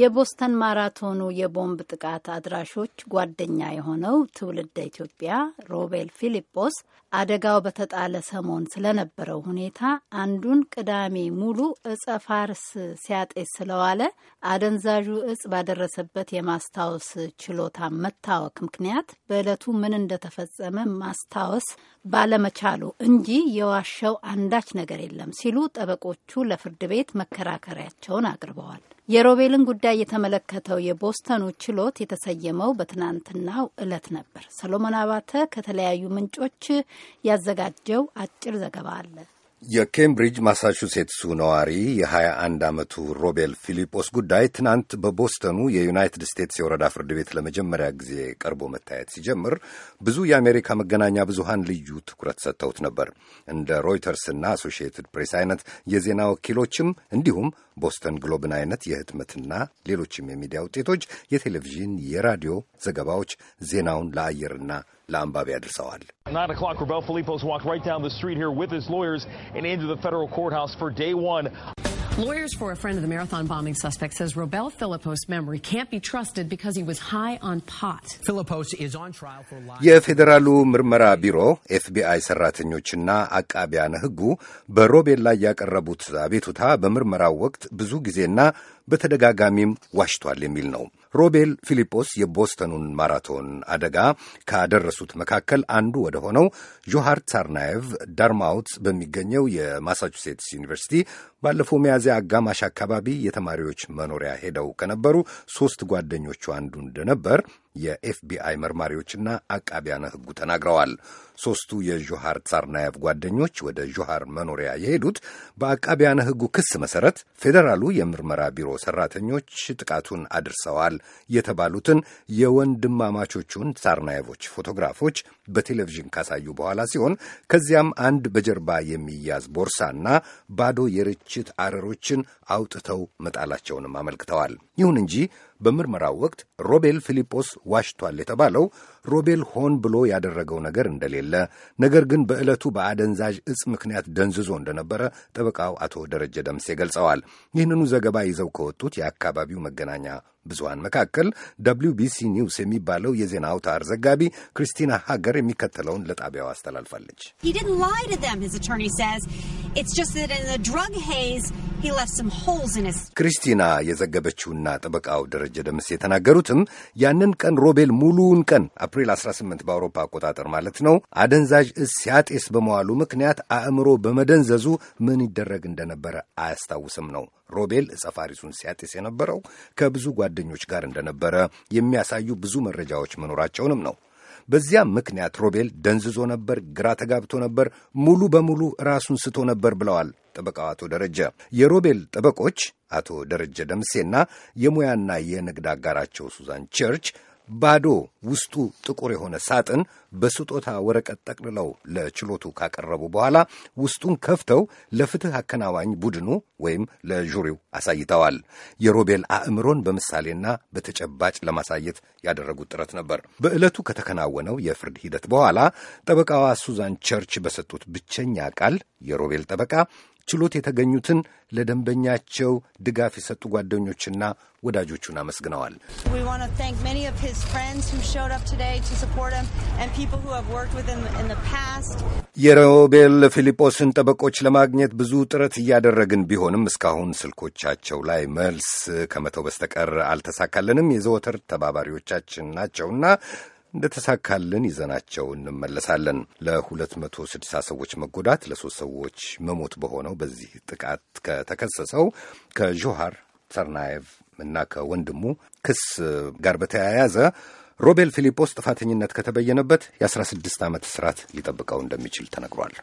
የቦስተን ማራቶኑ የቦምብ ጥቃት አድራሾች ጓደኛ የሆነው ትውልደ ኢትዮጵያ ሮቤል ፊሊጶስ አደጋው በተጣለ ሰሞን ስለነበረው ሁኔታ አንዱን ቅዳሜ ሙሉ እጸ ፋርስ ሲያጤስ ስለዋለ አደንዛዡ እጽ ባደረሰበት የማስታወስ ችሎታ መታወክ ምክንያት በዕለቱ ምን እንደተፈጸመ ማስታወስ ባለመቻሉ እንጂ የዋሸው አንዳች ነገር የለም ሲሉ ጠበቆቹ ለፍርድ ቤት መከራከሪያቸውን አቅርበዋል። የሮቤልን ጉዳይ የተመለከተው የቦስተኑ ችሎት የተሰየመው በትናንትናው ዕለት ነበር። ሰሎሞን አባተ ከተለያዩ ምንጮች ያዘጋጀው አጭር ዘገባ አለ። የኬምብሪጅ ማሳቹሴትሱ ነዋሪ የ21 ዓመቱ ሮቤል ፊሊጶስ ጉዳይ ትናንት በቦስተኑ የዩናይትድ ስቴትስ የወረዳ ፍርድ ቤት ለመጀመሪያ ጊዜ ቀርቦ መታየት ሲጀምር ብዙ የአሜሪካ መገናኛ ብዙሃን ልዩ ትኩረት ሰጥተውት ነበር። እንደ ሮይተርስና አሶሺየትድ ፕሬስ አይነት የዜና ወኪሎችም እንዲሁም ቦስተን ግሎብን አይነት የህትመትና ሌሎችም የሚዲያ ውጤቶች የቴሌቪዥን፣ የራዲዮ ዘገባዎች ዜናውን ለአየርና ለአንባቢ አድርሰዋል። and into the federal courthouse for day one. Lawyers for a friend of the marathon bombing suspect says Robel Philippos' memory can't be trusted because he was high on pot. Philippos is on trial for lying. የፌዴራሉ ምርመራ ቢሮ ኤፍቢአይ ሰራተኞችና አቃቢያነ ሕጉ በሮቤል ላይ ያቀረቡት አቤቱታ በምርመራው ወቅት ብዙ ጊዜና በተደጋጋሚም ዋሽቷል የሚል ነው። ሮቤል ፊሊጶስ የቦስተኑን ማራቶን አደጋ ካደረሱት መካከል አንዱ ወደ ሆነው ጆሃር ሳርናየቭ ዳርማውት በሚገኘው የማሳቹሴትስ ዩኒቨርሲቲ ባለፈው ሚያዝያ አጋማሽ አካባቢ የተማሪዎች መኖሪያ ሄደው ከነበሩ ሶስት ጓደኞቹ አንዱ እንደነበር የኤፍቢአይ መርማሪዎችና አቃቢያነ ሕጉ ተናግረዋል። ሦስቱ የዦሃር ትሳርናየቭ ጓደኞች ወደ ዦሃር መኖሪያ የሄዱት በአቃቢያነ ሕጉ ክስ መሠረት ፌዴራሉ የምርመራ ቢሮ ሠራተኞች ጥቃቱን አድርሰዋል የተባሉትን የወንድማማቾቹን ትሳርናየቮች ፎቶግራፎች በቴሌቪዥን ካሳዩ በኋላ ሲሆን ከዚያም አንድ በጀርባ የሚያዝ ቦርሳና ባዶ የርችት አረሮችን አውጥተው መጣላቸውንም አመልክተዋል። ይሁን እንጂ በምርመራው ወቅት ሮቤል ፊሊጶስ ዋሽቷል የተባለው ሮቤል ሆን ብሎ ያደረገው ነገር እንደሌለ፣ ነገር ግን በዕለቱ በአደንዛዥ እጽ ምክንያት ደንዝዞ እንደነበረ ጠበቃው አቶ ደረጀ ደምሴ ገልጸዋል። ይህንኑ ዘገባ ይዘው ከወጡት የአካባቢው መገናኛ ብዙሃን መካከል ደብሊው ቢሲ ኒውስ የሚባለው የዜና አውታር ዘጋቢ ክርስቲና ሀገር የሚከተለውን ለጣቢያው አስተላልፋለች። ክርስቲና የዘገበችውና ጠበቃው ደረጀ ደምስ የተናገሩትም ያንን ቀን ሮቤል ሙሉውን ቀን አፕሪል 18 በአውሮፓ አቆጣጠር ማለት ነው። አደንዛዥ እጽ ሲያጤስ በመዋሉ ምክንያት አእምሮ በመደንዘዙ ምን ይደረግ እንደነበረ አያስታውስም ነው። ሮቤል ዕጸ ፋሪሱን ሲያጤስ የነበረው ከብዙ ጓደኞች ጋር እንደነበረ የሚያሳዩ ብዙ መረጃዎች መኖራቸውንም ነው። በዚያም ምክንያት ሮቤል ደንዝዞ ነበር፣ ግራ ተጋብቶ ነበር፣ ሙሉ በሙሉ ራሱን ስቶ ነበር ብለዋል ጠበቃው አቶ ደረጀ። የሮቤል ጠበቆች አቶ ደረጀ ደምሴና የሙያና የንግድ አጋራቸው ሱዛን ቸርች ባዶ ውስጡ ጥቁር የሆነ ሳጥን በስጦታ ወረቀት ጠቅልለው ለችሎቱ ካቀረቡ በኋላ ውስጡን ከፍተው ለፍትህ አከናዋኝ ቡድኑ ወይም ለዡሪው አሳይተዋል። የሮቤል አእምሮን በምሳሌና በተጨባጭ ለማሳየት ያደረጉት ጥረት ነበር። በዕለቱ ከተከናወነው የፍርድ ሂደት በኋላ ጠበቃዋ ሱዛን ቸርች በሰጡት ብቸኛ ቃል የሮቤል ጠበቃ ችሎት የተገኙትን ለደንበኛቸው ድጋፍ የሰጡ ጓደኞችና ወዳጆቹን አመስግነዋል። የሮቤል ፊሊጶስን ጠበቆች ለማግኘት ብዙ ጥረት እያደረግን ቢሆንም እስካሁን ስልኮቻቸው ላይ መልስ ከመተው በስተቀር አልተሳካለንም። የዘወትር ተባባሪዎቻችን ናቸውና እንደተሳካልን ይዘናቸው እንመለሳለን። ለ260 ሰዎች መጎዳት፣ ለሶስት ሰዎች መሞት በሆነው በዚህ ጥቃት ከተከሰሰው ከዦሃር ሰርናየቭ እና ከወንድሙ ክስ ጋር በተያያዘ ሮቤል ፊሊጶስ ጥፋተኝነት ከተበየነበት የ16 ዓመት እስራት ሊጠብቀው እንደሚችል ተነግሯል።